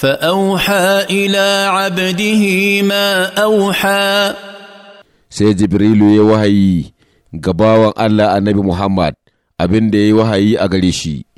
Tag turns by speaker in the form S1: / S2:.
S1: فأوحى إلى عبده ما أوحى
S2: sai Jibrilu ya wahayi gabawan Allah annabi Muhammad
S3: abin da ya wahayi a gare shi.